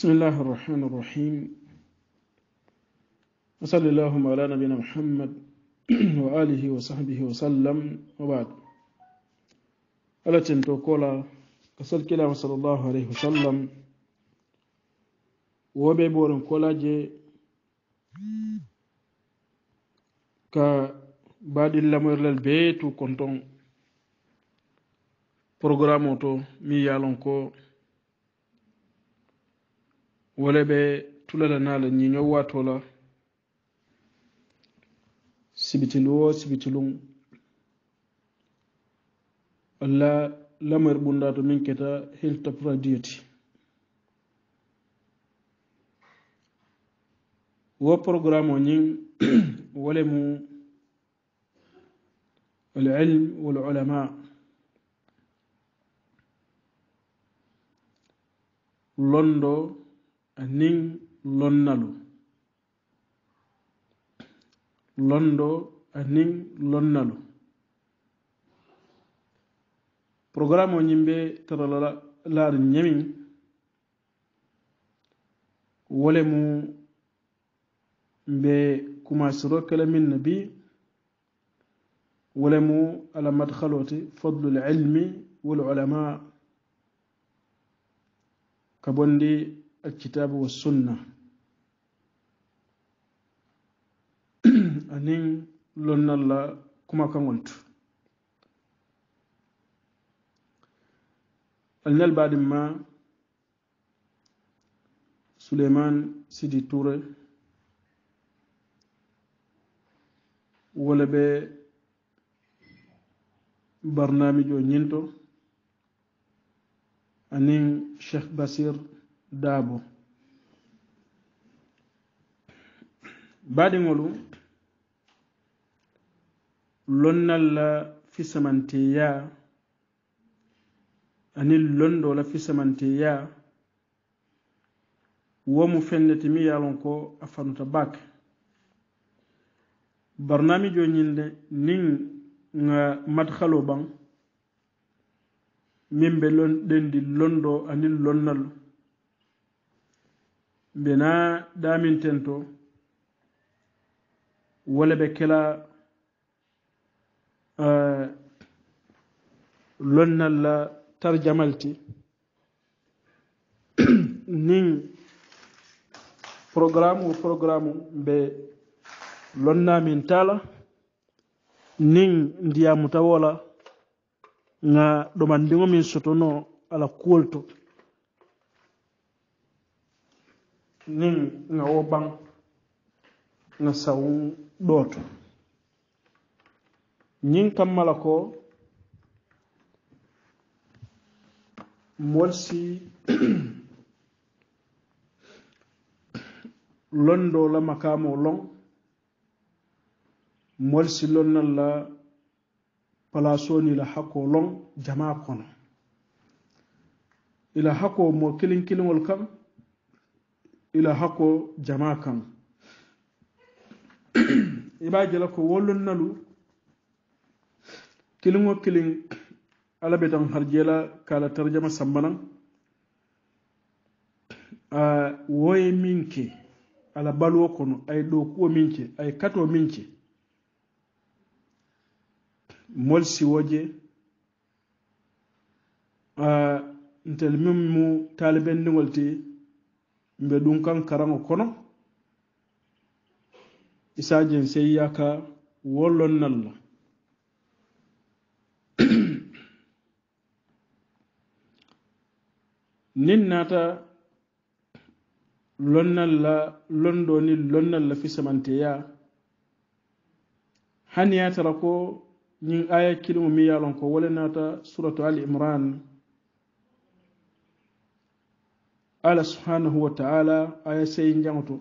بسم الله الرحمن الرحيم وصل اللهم على نبينا محمد وآله وصحبه وسلم وبعد ألا تنتوكولا كسل كلام صلى الله عليه وسلم وبيبور borin جي ka بعد lamoyrlal bee tu konton programme o wala ɓe tulala nala ñiñowa tola sibitilu o sibitilum walla lamar ɓunda to min keta hiltopra diyoti wo programme o ñin wala mu alilm walulama londo anin lonnalu londo anin lonnalu programme o yimɓe taralaaru ñamin wole mu mbe kumasiro kala min no bi wole mu ala madhalote fadlu lilmi wal ulama ka bondi alkitabu wassunna aniŋ lonnal la kumakaŋol tu alinal baadin ma suleiman sidi ture wo le be barnamijo ñinto aniŋ cheikh basir daabo baaɗiŋolu lonnal la fisamanteya aniŋ londo la fisamanteya wo mu feŋ le ti miŋ ye a loŋ ko a fanuta bak bari naŋ mi joo ñiŋ de niŋ ŋa madhalo baŋ miŋ be londindi londo aniŋ lonnalu ɓe na daminten to wala ɓe kela eh, lonnalla tarjamalti nin programme o programme ɓe lonnamin tala nin ndiyamu tawola nga ɗomandiŋo min sotono ala kuwol to nin nga wo ban nga sawun ɗoto nin kammala ko mol si londo la makamo long mol si lonnal la palasoni la hakko long jama kono ila hakko mo kilin kilinol kam ila hakko jama kan iba jela ko wollon nalu kiliŋo kiliŋ alla be taŋ harjela kala tarjama sambanaŋ a woye miŋ ke ala baluwo kono aye ɗookuwo miŋ ke aye katoo miŋ ke mol siwo je a ntel miŋ mu talibenniŋol ti mbe ɗum kan karaŋo kono isajen sey yaka wollonnalla nin naata lonnalla londo ni lonnalla fisamanteya hani yatara ko ñin aya kilimo mi yalon ko wole naata suratu ali imran ala subhanahu wa ta'ala aya in njangoto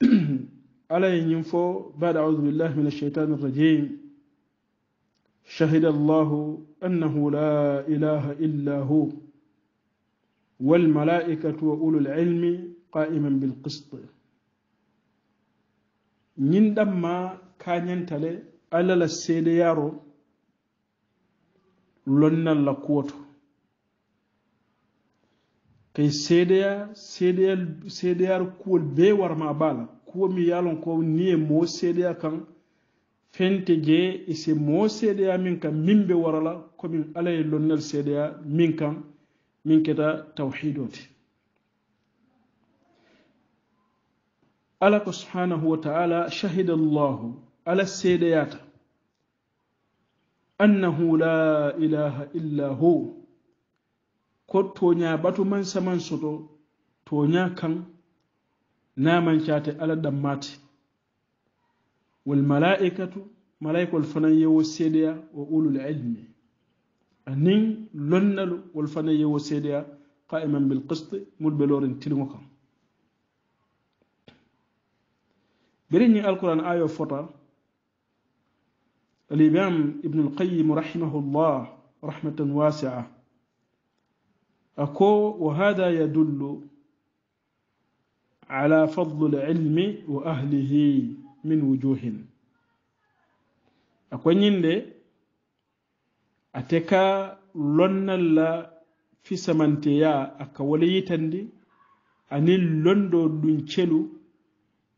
ala yin fo ba da a'udhu billahi minash shaitanir rajim shahida allah annahu la ilaha illa hu wal mala'ikatu wa ulul ilmi qa'iman bil qist nyin damma kanyantale alala sede yaro lonnal la kuwoto kay seedeya seedeyal seedeyar kuwol bee warma baala kuwo mi yalon ko ni e moo seedeya kan fente jee e si moo seedeya min kan min be warala komin ala ye lonnal seedeya min kan min keta tawhido te ala ko subhanahu wa taala shahida allahu ala seedeyata annahu la ilaha illa hu ko to ñaɓatu man saman soto to ña kan naman cate ala ɗammate walmalaikatu malaikol fana yewo seedeya o ulul ilmi anin lonnalu wol fana yewo seedeya qaiman bilqiste mulɓelorin tilgo kan birin ñin alquran ayo fota الإمام ابن القيم رحمه الله رحمة واسعة أكو وهذا يدل على فضل العلم وأهله من وجوه أكو نيندي أتكا لون لا في سمانتيا أكا تندي أني دو دون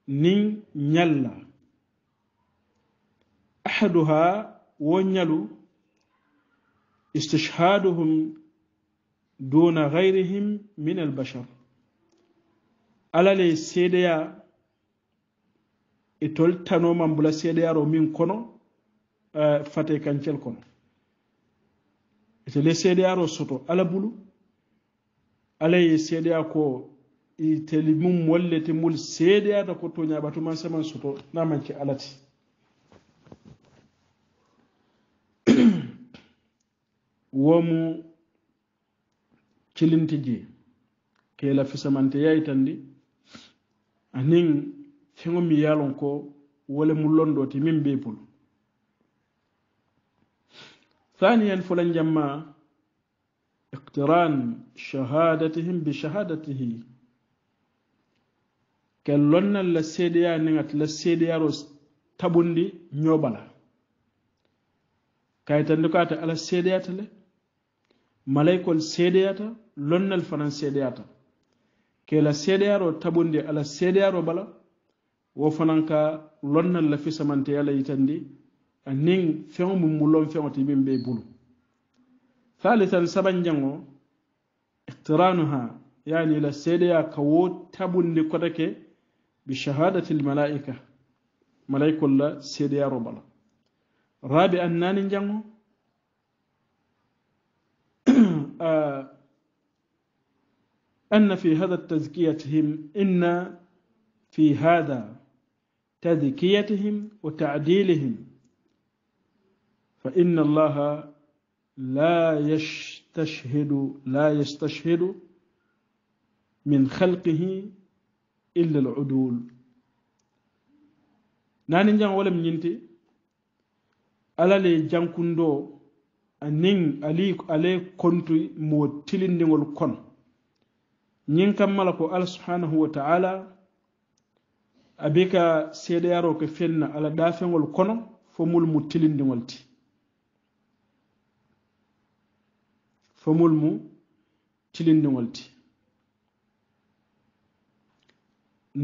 نين نيالا ahaduha woññalu istichhaduhum duna gayrihim min albachar alale seedeya e toltanoman bula seedeyaro min kono fate kancel kono etele seedeyaro soto ala bulu alaye seedeya ko iteli mum mollete mul seedeyata ko toñaɓatuman seman soto namanci alati womu cilinti ji keela fisamante yaytandi anin feŋo mi yalon ko wole mu londo ti min be bulu thaniyan fulan jamma iqtiran shahadatihim bi shahadatihi ke lonnan la sedeya niŋat la sedeyaro tabundi ñobala kaytandi ko ate ala sedeyata le malaikol seedeyata lonnal fanan seedeyata kela seedeyaro tabundi ala seedeyaro bala wo fanan ka lonnal la fisamante yala yitandi anin feŋo mum mu lon feŋo ti min be bulu thalithan sabanjango iktiranuha yani la seedeya ka wo tabundi kotake bi shahadati lmalaika malaikol la seedeyaro bala rabi an nani jango آه، أن في هذا تزكيتهم إن في هذا تزكيتهم وتعديلهم فإن الله لا يستشهد لا يستشهد من خلقه إلا العدول نانين جان ولم ينتي ألا لي جان كندو anin ali alay kontu mo tilindigol kon ñin kam mala ko ala subhanahu wa taala abe ka seedayaro ko fenna ala ɗafengol kono fomul mu tilindigol ti fomul mu tilindigol ti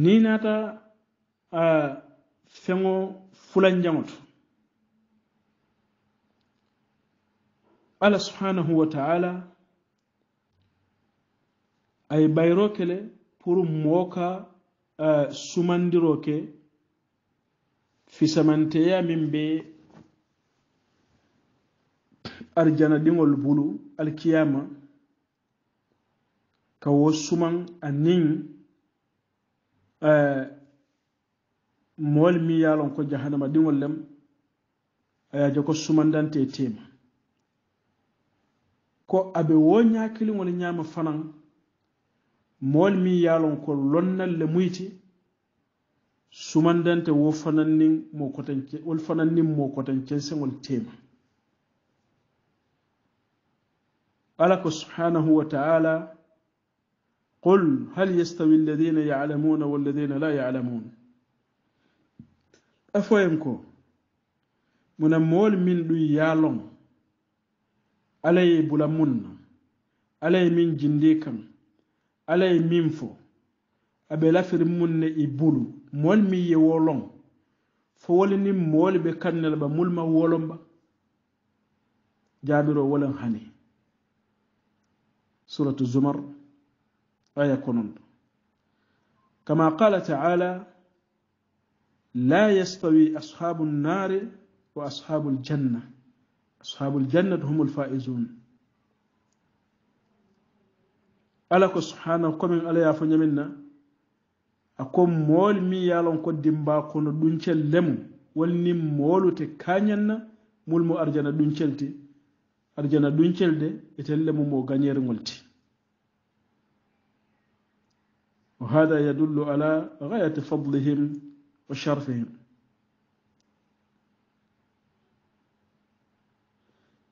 ni nata a feŋo fulanjaŋo to allah subhanahu wa taala ay bayro kele pour moka ka uh, eh, sumandiro ke fisamanteya min be arjana dingol bulu alkiyama ka wo suman anin uh, mi yalon ko jahanama dingol lem a jako sumandante tema ko abe wo ñakiliŋol ñama fanaŋ mool mi yalon ko lonnal le muyti sumandante wo fanannin mo kotan wol fanannin mo kotan kenseŋol tema ala ko subhanahu wa ta'ala qul hal yastawi alladhina ya'lamuna walladhina la ya'lamun afoyen ko muna mool min ɗum yalon ala ye bula mun na ala ye min jindi kan ala ye min fɔ a bɛ lafiri mun ne i bulu mɔli min ye wɔlɔn fo wali ni mɔli bɛ kan ne laba mulu ma wɔlɔn ba jaabiro walan hani suratu zumar aya konon kama qala taala la yastawi ashabu nnari wa ashabu al-janna أصحاب الجنة هم الفائزون ألاك سبحانه كم من ألا يعفو نمنا أكم مول مي يالون كو دمبا كونو دونشل لم ولني مولو تكانينا مول مو أرجانا دونشل تي أرجانا دونشل دي إتل لم مو غنير مولتي وهذا يدل على غاية فضلهم وشرفهم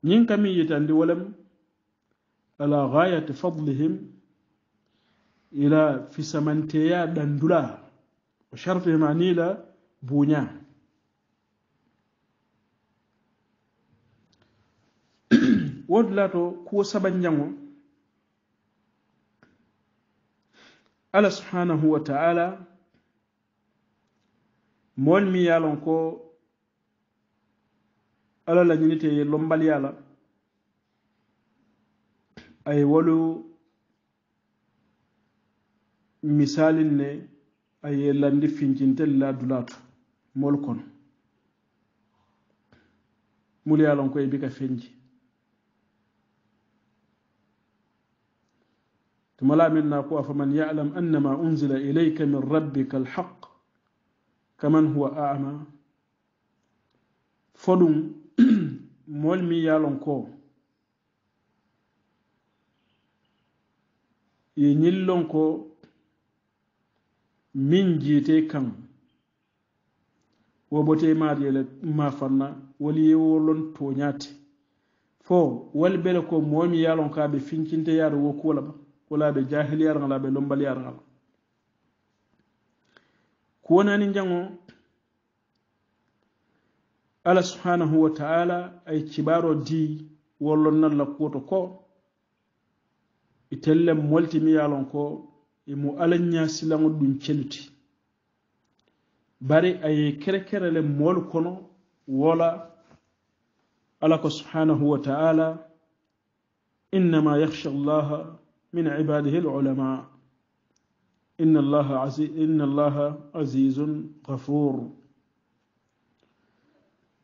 نين كمي يتاندي ولم على غاية فضلهم إلى في سمنتيا دندلا وشرفهم عنيلا بونيا ودلاتو لا تو كو سبنجمو الله سبحانه وتعالى مول ميالونكو ala la ñinite ye lombaliya la ay wolu misalin ne ay ye landi fincintel la dulatu mol kono mulu ye lon ko ye bika fenji تملا منا قوة فمن يعلم أن أنزل إليك من ربك الحق كمن هو أعمى فدن moolu mi yaalon ko ye ñillon ko min jiite kaŋ wo bote maat yele ma fanna wolu ye wolon tooñaate fo wal bele ko moo mi yaalon ko a be fincinte yaara wo kuwo laba wala be jahiliyaar ŋa la a be lombaliyaar ŋa la kuwo naani njaŋo ala subhanahu wa ta'ala ay kibaro di wollonnal la kuwoto ko itellen moltimi yalon ko emo alanña silaŋol ɗum celuti bare aye kerekerele moolu kono wola ala ko subhanahu wa ta'ala innama yakhsha allaha min ibadihi ulama inna allaha azizun ghafur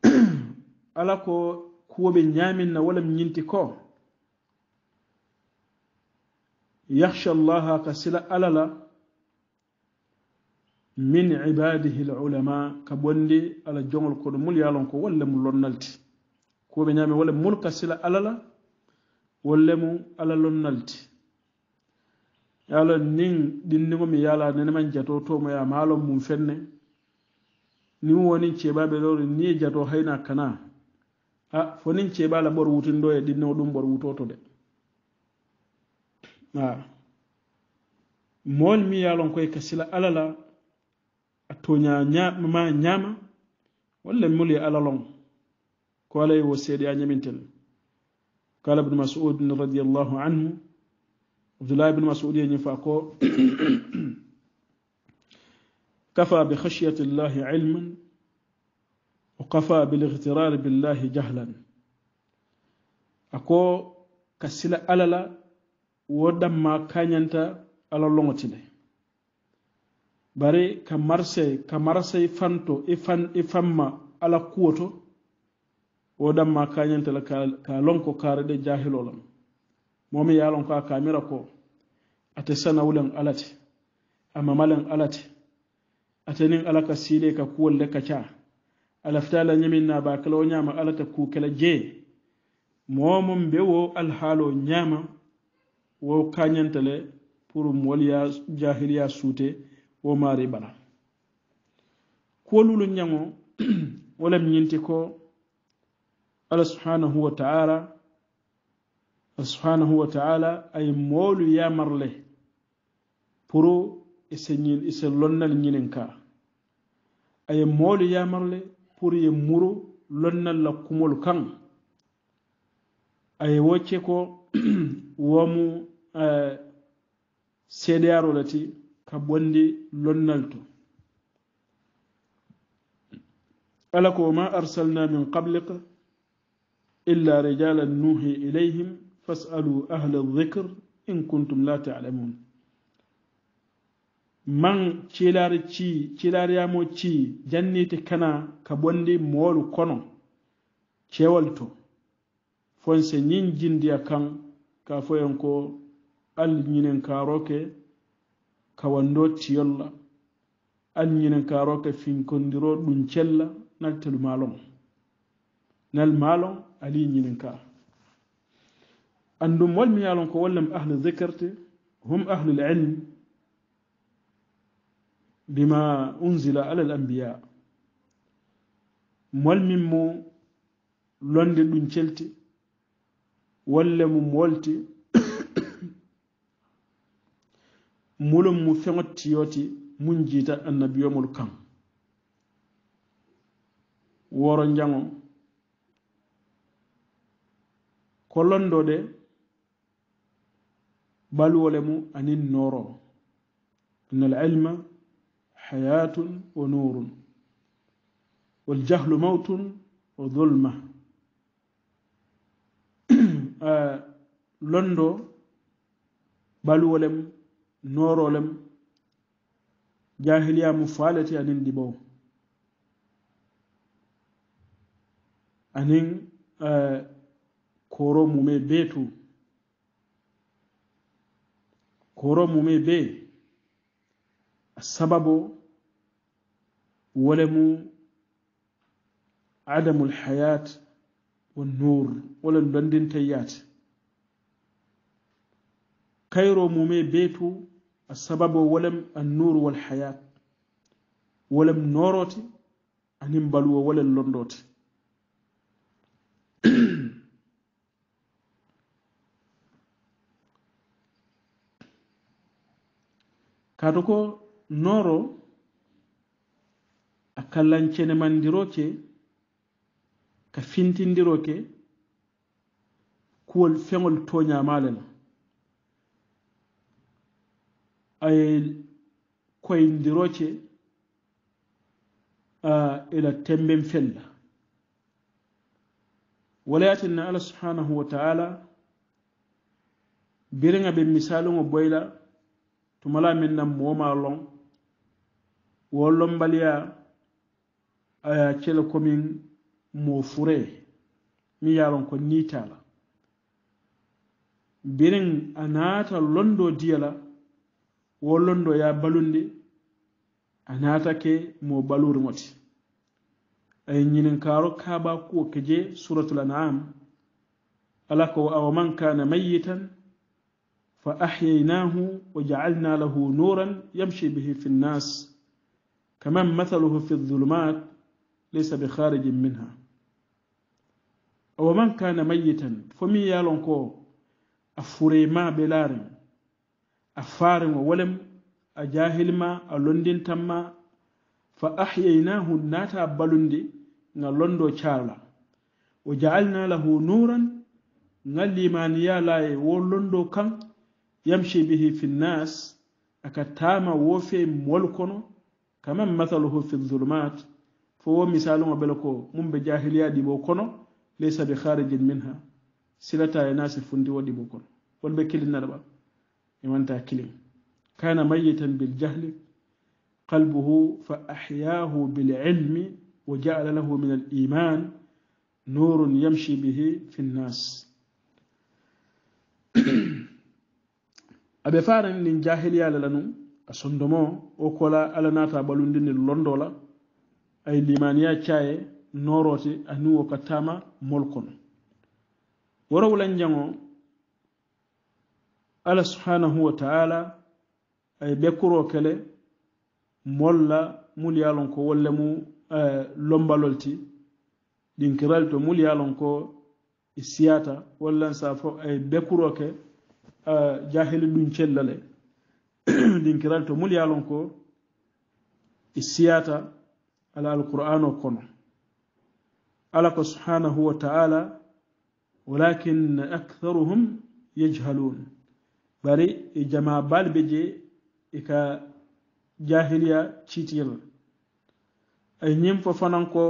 ala ko kuwoɓe ñaaminna wala mi ñinti ko yahcha llaha ka sila alala min ibadihi l ulama ka bonndi ala jogol koɗo mul yaalon ko walle mu lonnalti kuwoɓe ñaamin walle mul ka sila alala walle mu ala lonnalti yaala nin ɗinndigo mi yaala nene man jato to mo ya maalon mum fenne ni woni ceeɓaɓe lori ni jato hayna kana a fonin ceeɓala ɓor wutindo e ɗinno ɗum ɓor wutoto de a mowoni mi yalon koye ka sila alala a toña ma ñama walla muli alalon ko alay wo seeɗi a ñaminten kala bnu masoud radiallahu anhu abdoulah bnu masoud yeñi fa ko kafa bi khashyati llahi ilman wa kafa biligtirari billahi jahlan ako ka sila alala wo damma kañanta ala loŋotile bari ka marsey ka marsey fanto i e fan i e fanma ala kuwoto wo damma kañanta la ka lonko kare de jahilo lam momi ye lon ko a kamira ko ate sanawulen alate amamalen alate atanin alaka sile ka kuwol le kaca la nyamin na ba kala wo ñama ala ku kala je moo mum be wo alhaalo ñama wo kanyantale pour mool jahiliya sute wo mari bala kolulu nyango wala nyinti ko ala subhanahu wa taala subhanahu wa taala ay molu ya marle pour ise lonnal ñinin kaa aye moolu marle pour ye muru lonnal la kumolu kaŋ aye wo ke ko womu eh, seedeyaro le ti ka bondi lonnal to ala ko ma arsalna min qablik illa rijalan nuhi ilayhim fasalu ahla dhikr in kuntum la talamun man ceelaare ci ceelaariyaamo ci janniite kana ka bonndi moolu kono ceewol to fon se ñiŋ jindiya kaŋ ka fo en ko alla ñinen kaaroke ka wanndo tiyolla alla ñinen kaaroke finkondiro ɗuncella nal telu maaloŋ nal maaloŋ aliye ñinen kaa anndum wolmi yaalon ko wollem ahlu zicarte hum ahlul ilme bima unzila ala lambiya molmin mo londe ɗum celti walle mo molti mulum mo feŋottiyoti mun jiita annabiyomol kan woro jaŋo ko londo de balwole mo anin nooro annal ilma hayatun wa nurun waljahlu mautun wa dulma ah, londo ɓalwolem norolem jahiliya mo falete anin ɗiɓo anin ah, koro mume be to koro mume be sababu wolemu adamu lhayat wa nur wole dondinta yaate kayro mume beytu a sababo wolem an nur walhayat wolem norote anin mbaluwo wole londote kaato ko nooro a man ke ka fintindiro ke kuwol feŋol a la aye diroke ke ila temben fella walayatin na allah subhanahu wa ta'ala birin abin misalin boyi la tumala min nan mooma loŋ wo lombaliya aya cele komin mo fure mi yawan ko niitala birin a naata londo diyala wo londo ya balunde a naatake mo balurimoti ayi ñinin kaaro kaaba kuwo keje suratul anam ala ko awa man kana mayitan fa ahyaynahu wa jaalna lahu nuran yamshi bihi fi nnas kaman mathaluhu fi lzulumat laysa bi kharijin minha wa man kana mayitan fomi yalon ko a furema be laariŋ a faariŋo wolem a jahilma a londintanma fa ahyaynahu naata balundi ŋa londo carla wa jaalna lahu nuran ŋa limaniya laye wo londo kaŋ yamshi bihi fi nnas aka taama wo fe kono kaman mathaluhu fi dhulumat فهو مثال ما مم بجاهليا بجاهلية دي بوكونا ليس بخارج منها سلطة الناس فندي ودي بوكونا والبكيل النربا يمان تاكلين كان ميتا بالجهل قلبه فأحياه بالعلم وجعل له من الإيمان نور يمشي به في الناس أبي فارن من جاهلية لنو أصندمو أوكولا ألا ناتا بلوندين اللوندولا ay limaniya caye norote anuwo ka tama molkono woro wulan jango allah subhanahu wa taala ay ɓekkuro kele molla mulyalon ko wolle mu eh, lombalolti ɗin kirali to mulyalon ko e siyata wallan sa fo ay ɓekkuro ke eh, jahili ɗum cellale ɗin kirali to mulyalon ko e siyata ala alqur'ano kono ala ko subhanahu wa taala walakin aktharuhum yajhalun bari e jama balɓe je e ka jahiliya ciitiyel ay ñim fo fananko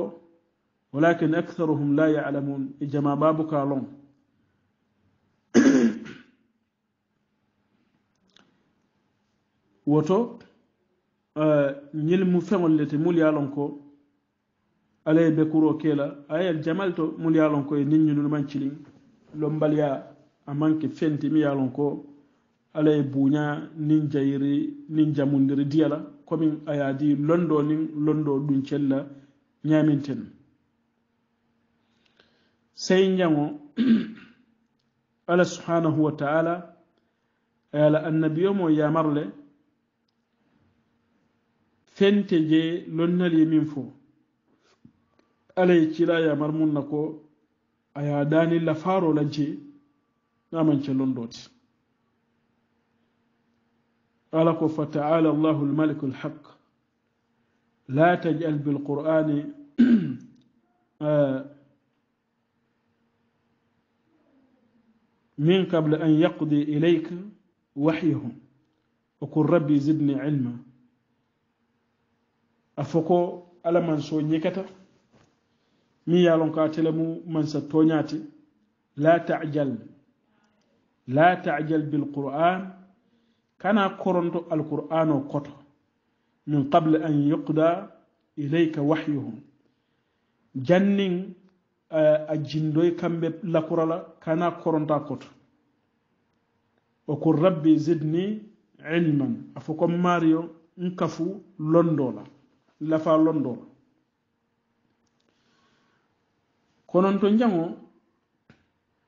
walakin aktharuhum la yalamun e jama babuka lon woto ñelmu feŋol le te mulyalon ko ala ye be kuroo ke la ayeyal jamal to mulyalon ko ye niññunu man ciliŋ lombaliya a manke fenti mi yalon ko ala ye buuña niŋ jayiri niŋ jamundiri diya la komin a ye a di londo niŋ londo duncel la ñaaminten sayinjaŋo ala subhanahu wa taala a ye a la annabiyomo yamar le fente je lonnal ye min fo ala ye cila yamar mun na ko a ya dani lafaro lance namance londoti ala ko fataala allahu almaliku alhaq la tajal bilqur'ani من قبل أن يقضي إليك وحيه وقل ربي زدني علما a fo ko ala man so ñikata mi yalon ka telemu man sa toñaate la tajal la tajal bilquran kana koronto alquran o koto min qable an yukda ilayka waxyuhum janning eh, a jindoy kamɓe lakurala kana koronta koto o ko rabbi zidni ilman a fo ko mario n kafu londola lafa londo konon to jango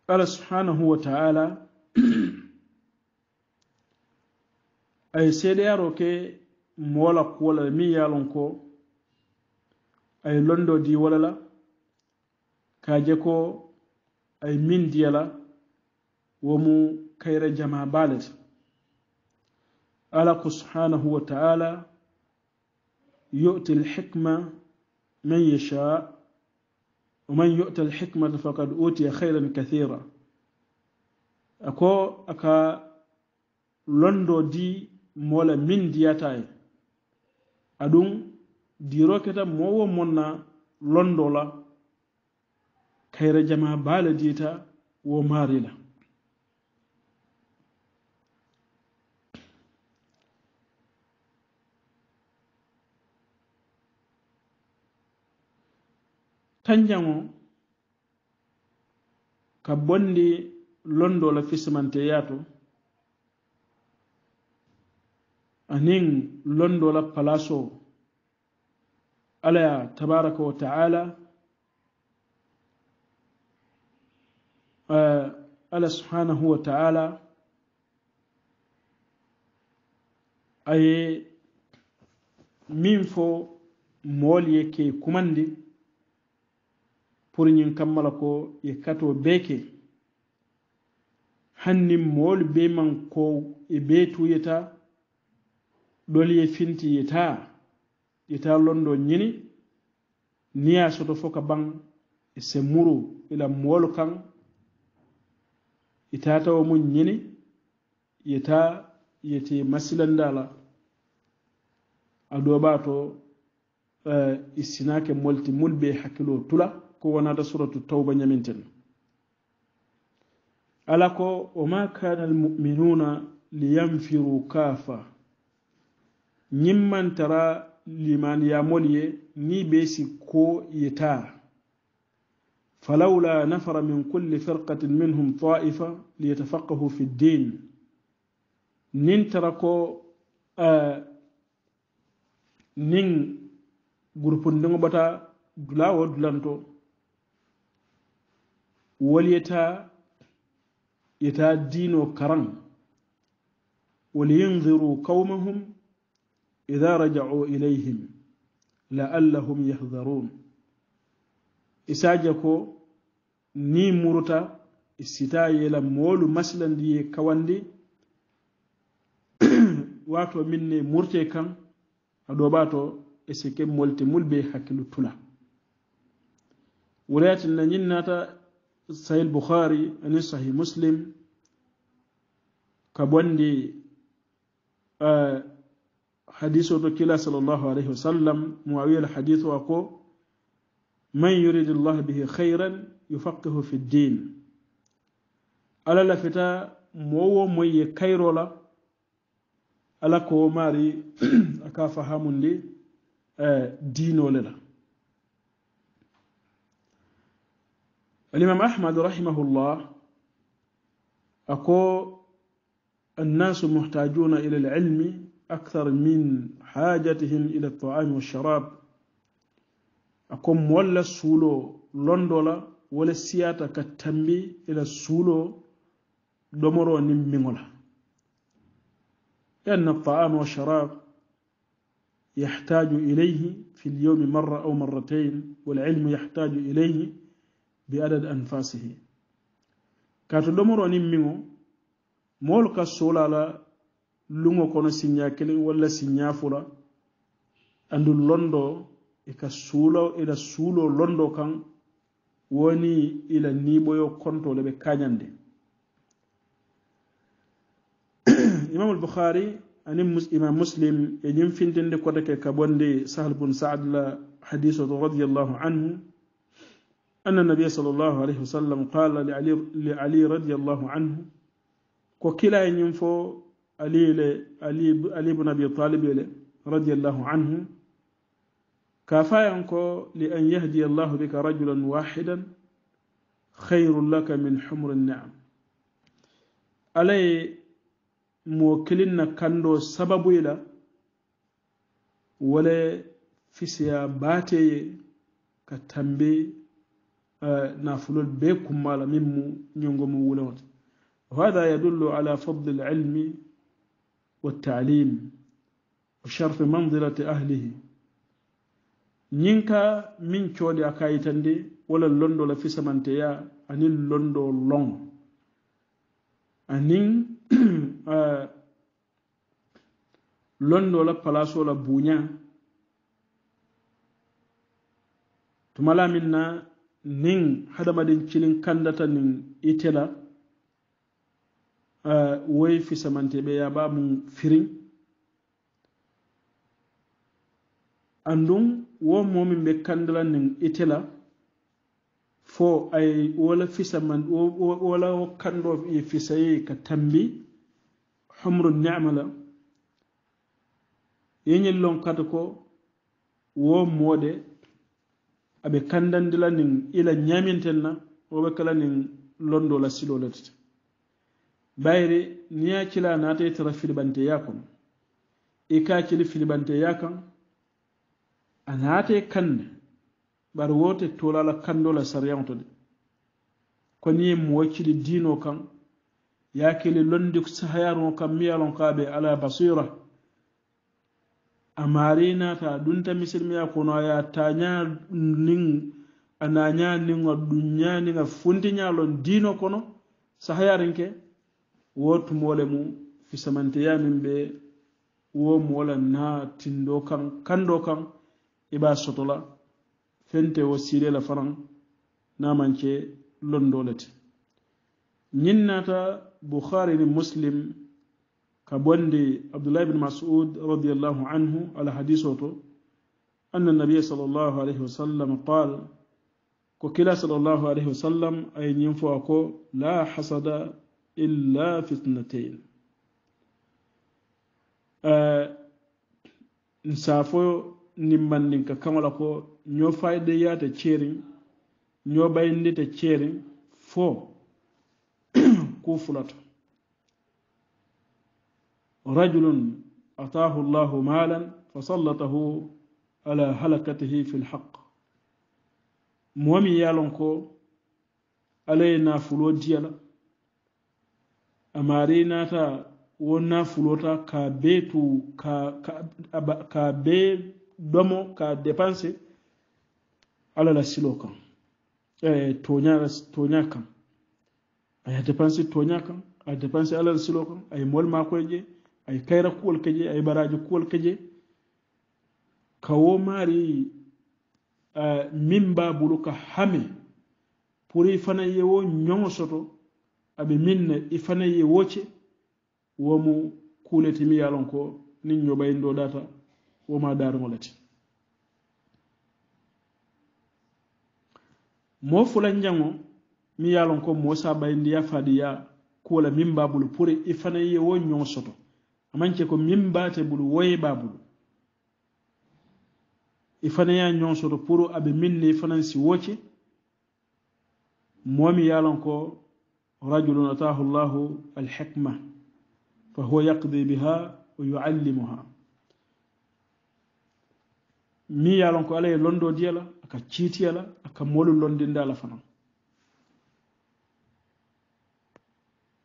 ala subhanahu wa taala ay yaro ke moola kuwolala mi yalon ko ay londo di wolala kaje ko ay min diyala womu kayra jama baalete ala ko subhanahu wa taala يؤتي الحكمة من يشاء ومن يؤتى الحكمة فقد أوتي خيرا كثيرا أكو أكا لندو دي مولا من دياتاي أدون دي روكتا mowo مونا لندو لا jama baala diita wo tanjaŋo ka bondi londo la fisimanteyato aniŋ londo la palaso ala ye tabaraka wa taala uh, eh, ala subhanahu wa taala a ye miŋ fo moolu ye ke kumandi pour ñin kammala ko e kato beke hanni moolu be man ko e be yeta doli e finti yeta yeta londo ñini niya soto fo ka ban e muru ila e moolu kan itatawo muŋ ñini yeta yete masilandala a doɓa to uh, eh, isinake molti mul be hakkiloo tula ko wonata suratu tawba ñaminten ala ko wama kana almuminuna liyanfiru kafa ñimmantara liman yamol ye ni be si ko yeta falawla nafara min kulli firqatin minhum ta'ifa liyatafaqahu fi ddin nin tara ko uh, nin gurupundingo bata dulawo dulanto wal yata dino karan wal yin ziru kaumahum raja'o ilaihim la'allahum yahzarun zarun isa jako ni muruta isita yi lamolu maslan kawandi wato min ne murte kan bato isa ke multimulbe hakilutuna wuraitin na yin nata صحيح البخاري أن صحيح مسلم كبوندي bonde آه، حديث الرسول صلى الله عليه وسلم معاوية الحديث وقو من يريد الله به خيرا يفقه في الدين ألا لفتا مو مي كيرولا ألا كو ماري أكا فهمون لي آه، دينو الإمام أحمد رحمه الله أقول الناس محتاجون إلى العلم أكثر من حاجتهم إلى الطعام والشراب أقول مولا السولو لندولا ولا السياتة كالتنبي إلى السولو دمرو نمينولا لأن الطعام والشراب يحتاج إليه في اليوم مرة أو مرتين والعلم يحتاج إليه bi adad anfasihi ka to domoro nin mingo moolu ka soolala lungo kono siña kiliŋ walla siña fula andu londo i ka suulo ila suulo londo kaŋ woni ila niiboyo konto le be kañande imam albukhari ani imam muslim e ñiŋ fintindi kota ke ka bondi sahal bun saad la hadiseto radiallahu anhu أن النبي صلى الله عليه وسلم قال لعلي, لعلي رضي الله عنه وكلا ينفو علي علي علي بن أبي طالب رضي الله عنه كافاينكو لأن يهدي الله بك رجلا واحدا خير لك من حمر النعم علي موكلنا كندو سبب إلى ولا في سياباتي كتنبي nafulol be kummala min mu ñongomu wulewata wahada yadullu ala fadli alilmi waltalim wa sharfe mandilati ahlihi ñin ka min cooli a kayitandi wala londo la fisamanteya anin londo lon anin londo la palace o la buuña tumala min na nin hadamadin cilin kandata nin itela woyi fisamanteɓe yaba mum firin andun wo momin ɓe kandala nin itela fo ay wola fisaman wola wo kando ye fisaye ka tambi humru nema la yeñel lon kata ko wo mooɗe kandan dila nin ila tenna na be kala nin londo la silo letete bayre niya kila naata tara filbante kono e ka kila filbante kan a kan bar bari wote tolala kando la sariyanto de ko ni mo wakili dino kan ya kili londi sahayaro kan miyalon kabe ala basira amma rena ta ɗum ta misilmiya kono aya ta ña nin ana ña ninga ɗum ñaninga funtiñalon dino kono sahayarinke wo tumole mu fisamanteyamin ɓe wo mola na tindo kan kando kan iɓa sotola fente wo sirela faran namanke londolete ñinnata bouhari ni muslim ka bonde abdoulahi bne masud radiallahu anhu ala hadis o to anna nabia sallllahu alayhi wa sallam qal ko kila sallllahu alayhi wa sallam ay ñin fo a ko la hasada illa fitnatain eh, n saafo nimmandin ka kaŋola ko ño fayideyaata ceeriŋ ño ceeriŋ fo kuu fulata rajulun ataahu llahu maalan fa sallatahu ala halakatihi fi lhaq moomi yalonko alaye naafulo diya la amaari naata wo naafulota ka bee tu ka ka bee domo ka dépense ala la silo kan eh, toña toña kan aya dépense toña kan a dépense ala la silo kan aye mool maakoye jee ay kayra kuol keje ay baraji kuol keje kawo mari uh, eh, min ba bulu ka hame pour i fana ye wo ñoŋo soto abe min na i fana ye wo ce womu kuleti mi ye lon ko niŋ ñobayindo data woma daariŋo le ti moo fulanjaŋo mi ye lon ko moosa bayindiya fadiya kuo la min ba bulu pour i fana ye wo ñoŋo soto amance ko min mbaate mbulu woyeɓa mbulu i e fanaya ñonsoto pour aɓe minni e fanan si wocce momi yalon ko rajulun ataahu llahu alhikma fa huwa yaqdi biha wa yuallimuha mi yalon ko alaye londo diyala aka ciitiyala aka molu londinde ala fanan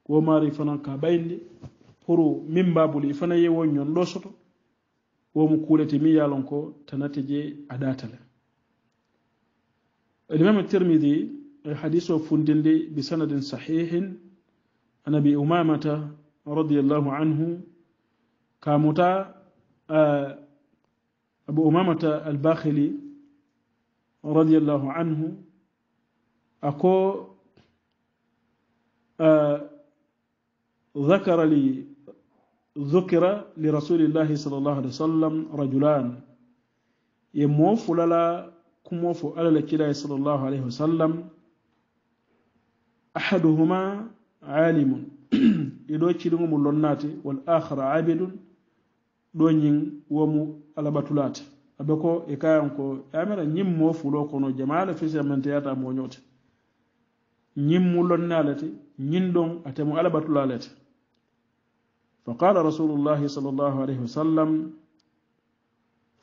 womari fanan ka ɓaynde huru min babuli fana yewo wo ñonɗo soto womo kuulete mi yalon ko tanate je adatala الإمام الترمذي حديث فندلي بسند صحيح عن أبي أمامة رضي الله عنه كامتا أبو أمامة الباخلي رضي الله عنه أكو ذكر لي dukira li rasulillahi sala llahu alih wa sallam rajulan ye moo fulala kumo fo ala le kila ye sala llahu alayhi wa sallam ahaduhuma alimun i ɗo ciɗugomu lonnaate wal ahara abidun ɗo ñing womu alabatulaate aɓe ko e kayan ko amira ñim moo fulo kono jamala fisiamanteyata mooñoote ñim mu lonnaalete ñin ɗon atemu alabatulaalete فقال رسول الله صلى الله عليه وسلم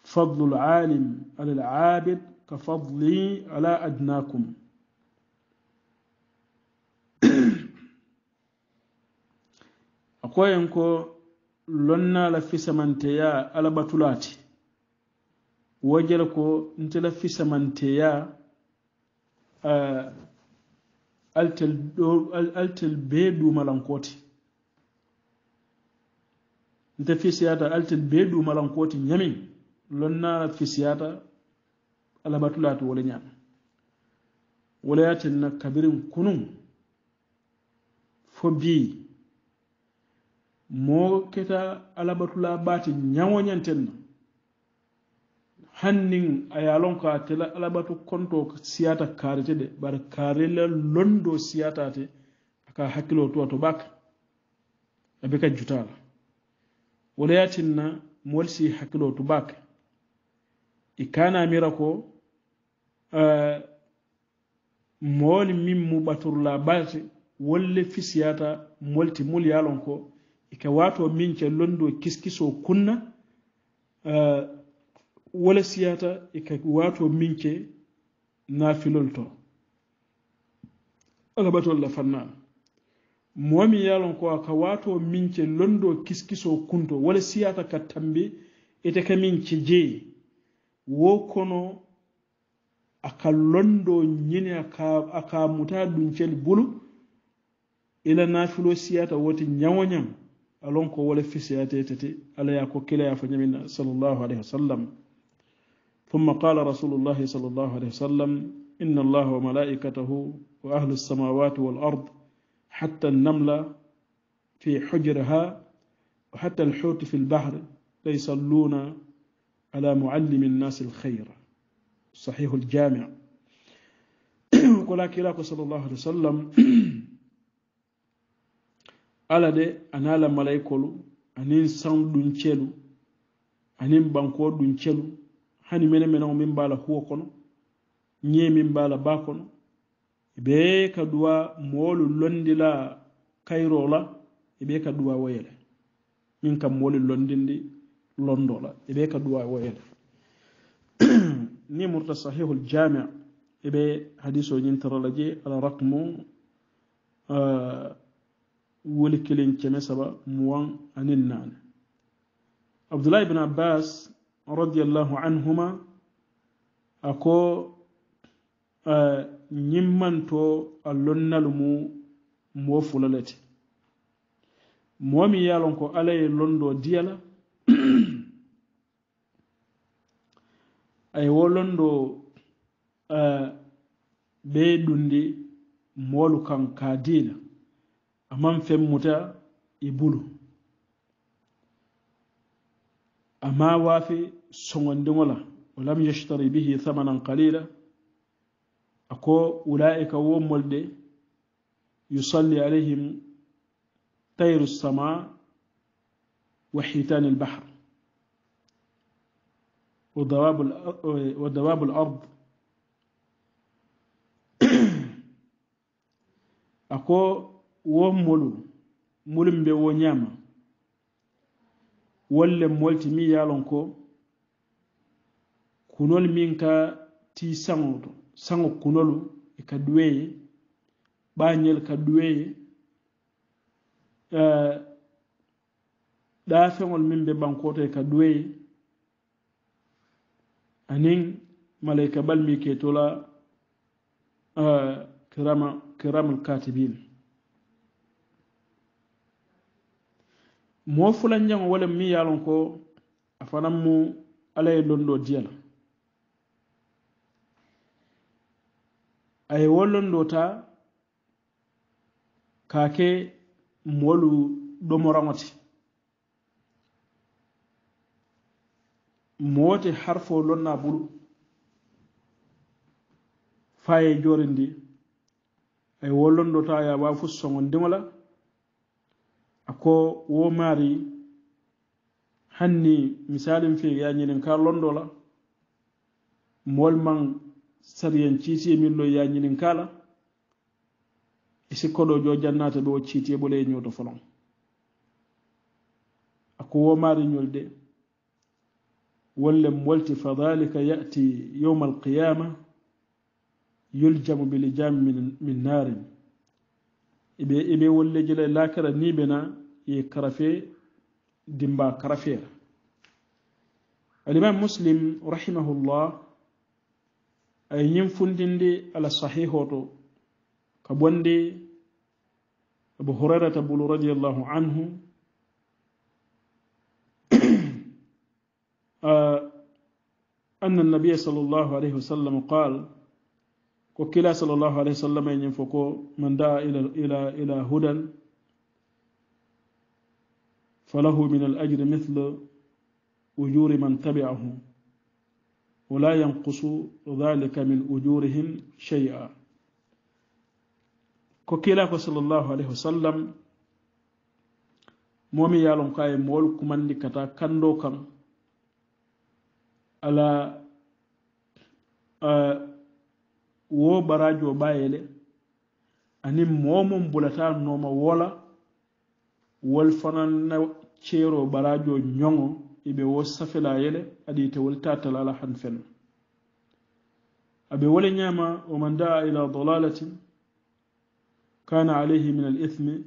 فضل العالم على العابد كفضلي على أدناكم akoyenko lonna la fisamanteya ala batulati wojel ko nte la fisamanteya uh, eh, altel, altel bee duumalankoti nte fisiyata alten be ɗumalankoti ñamin lonnaa fisiyata alabatulaatu wole ñaam woleyatenna kabirin kunun fo bii moo keta alabatula baati ñawo ñantenna hannin a ye lon ko a tela alabatu konto siyata kaarete de bari kaarela londo siyatate aka hakkiloo tuwa to baka a be ka jutaa la walayatinna moolu si hakkiloo tu baake i kana mira ko moolu min mu ɓaturla baate wolle fisiyata molti mul ye lon ko i ka waatoo min ke londo kisikisoo kunna wala siyata i ka waatoo min ke naafilol to alabatol la fannaa mowami yalon ko ka wato mince londo kiskiso kunto wala siyata ka tambe ete ka mince jeyi wo kono aka londo ñine aka muta ɗuncel bulu ila nafilo siyata woti ñawoñam alon ko wala fisiyate tete ala ya ko kilaya fo ñamina salllahu alayhi wa sallam ثم قال رسول الله صلى الله عليه وسلم إن الله وملائكته وأهل السماوات والأرض حتى النملة في حجرها وحتى الحوت في البحر ليصلون على معلم الناس الخير صحيح الجامع kola kilako sallllahu alih wa sallam ala de anala malaykolu anin san ɗum celu anin banko ɗum celu hani mene mene o min mbala huwo kono ñe min mbala ba kono be ka duwa moolu londila kayrola e ɓe ka duwa woyele min kam mooli londindi londola e ɓe ka duwa woyele ni murta sahihu l jami e ɓe hadis o ñintarala je ala rakmu wuli kilin ceme saba muwan anin naane abdoulahi bne abbas radiallahu anhuma ako ñiŋ maŋ to a lonnalu mu moo fula le ti moo miŋ ko alla ye londoo diya la a ye wo londoo uh, dundi moolu kaŋ ka a dii a maŋ feŋ muta i bulu a maa waafi soŋondiŋo la walam yashtari bihi ako ulaika wommolde yusalli alayhim tayru sama wa hitani albahr wa dawabu alard ako wommolu mulum be wo ñama wolle molti mi yalon ko kunol min ka ti saŋoto sango kunolu e ka duweye ɓañel ka duweye ɗaafeŋol eh, min be bankoto e ka duweye anin malayika balmi ke tola eh, kirama kiramal katibin moo fulanjaŋo wala mi yalon ko a fanan mu alla ye londo diyala ay wollonndota kaake molu ɗomoraŋote mowote harfo lonna ɓuɗo faye jori ndi ay wollonndota ya waw fo soŋo ndimala ako wo maari hanni misalim fi yañinin ka londola mol maŋ sariyan ciiti e milloy yañinin kala e sikkoɗo jo jannata ɓe o ciiti e ɓole e ñoto folon ako womari ñolde wollem wolti fa dalika yati yowma alqiyama yuljamu bilijami min narin eɓe eɓe wollejila lakara nibena ye karafe dimba karafera alimam muslim rahimahullah ay yin fundinde ala sahiho to ka bonde abu hurairata bulu radiallahu anhu أن النبي صلى الله عليه وسلم قال وكلا صلى الله عليه وسلم أن ينفقوا من دعا إلى إلى إلى هدى فله من الأجر مثل أجور من تبعه wala yanqusu dhalika min ujurihim shay'a ko kiilako sallllahu alayhi wa sallam momi yaalon kaye mool kumandi kata kando kan ala uh, wo barajo ɓayele anin momon bulata nooma wola wol fanan na ceero barajo ñoŋo ibe wo safela yele adi tewol la han fen abe wol nyama o man daa ila dalalatin kana alayhi min al ithmi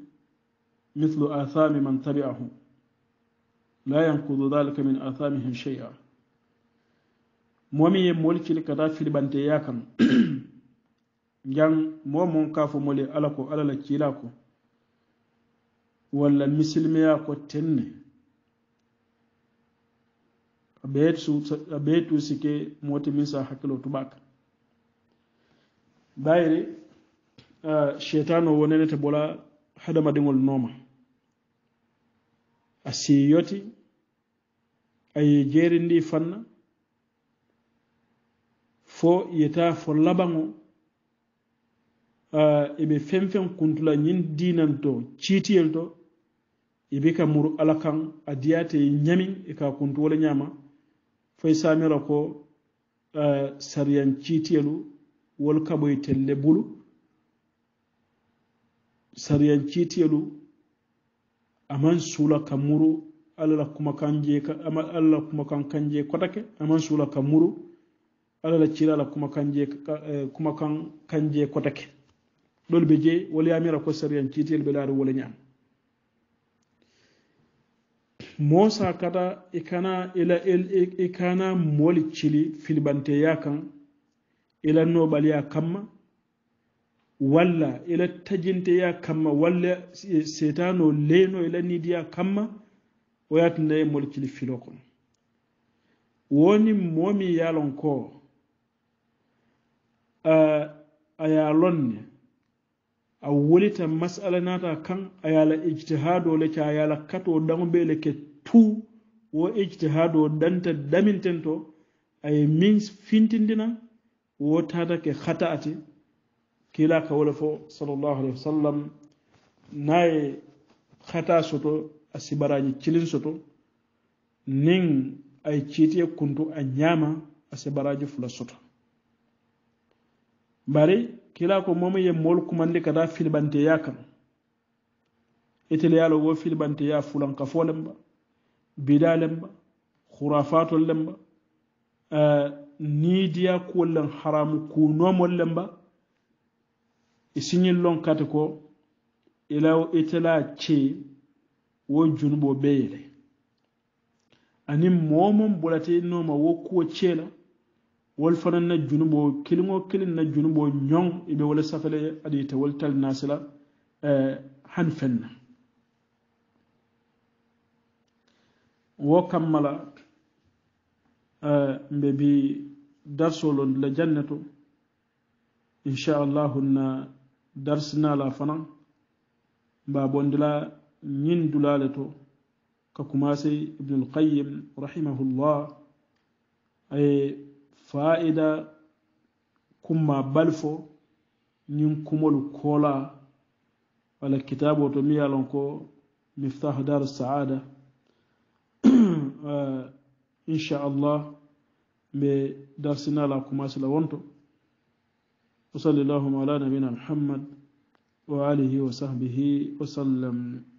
mithlu athami man tabi'ahu la yanqudu dhalika min athamihim shay'a momi ye moolu cili kata taa filibanteya kan jang momon ka fo moolu ye ala ko ala ko ɓe ɓe tuu sike moti minsa hakkilo tubaka bayri cheitan o wonenete bola hadamadingol nooma a siyoti aye jeeri ndi fanna fo yeta fo labango eɓe fenfen kuntula ñin dinan to ciitiyel to ibe e ka muru ala kan a diyate ñamin e ka kuntu wole ñama foye saamira ko uh, sariyan ciitiyelu wol kaɓoytelle bulu sariyan ciitiyelu aman suula ka muru alala kumakan jeealala kumakan kanje kotake aman suula ka muru alala cira ala kumakan je eh, kumakan kanje kotake ɗol ɓe je wol yamira ko sariyan ciitiyel ɓe laari wole ñaam mosa kata ikana ila il, ikana moli chili filibante kan ila ya kama walla ila ya kama walla setano leno ila ya kama wo yatindaye moli cili filo wani woni momi yalon ko uh, a a wulita masala nata kan a yala ijtihado le ke yala kato dan be le ke puu wo ejti haa dow danta daminten to aye min fintindinan wo tatake hata'ate kila ka wole fo salllahu alahi wa sallam naye hata soto a sibaraji cilin soto nin aye ciitiye kuntu a ñaama a sibaraji fula soto bari kila ko momo ye moolu kumandi kata filibanteya kan itelyalo wo filibanteya fulan ka folen ba bida lemba hurafatol lemba uh, eh, nidiya kuwollen haramu kunomol lemba isinyillon e kati ko ilaw itala ce wo junubo beyele anin momon bulata inoma wo kuwo cela wol fanan na junubo kilin o kilin na junubo nyon ibe e wala safale adita wal tal nasila uh, eh, hanfenna وكملا آه، مبي درسول لجنة إن شاء الله إن درسنا لا فنا بابون دلا نين دلالتو ككماسي ابن القيم رحمه الله أي فائدة كما بلفو نين كمول كولا على كتابه تميالونكو مفتاح دار السعاده inchallah mbe darsinala kumasila wonto وصلى اللهم على نبينا محمد وآله وصحبه وسلم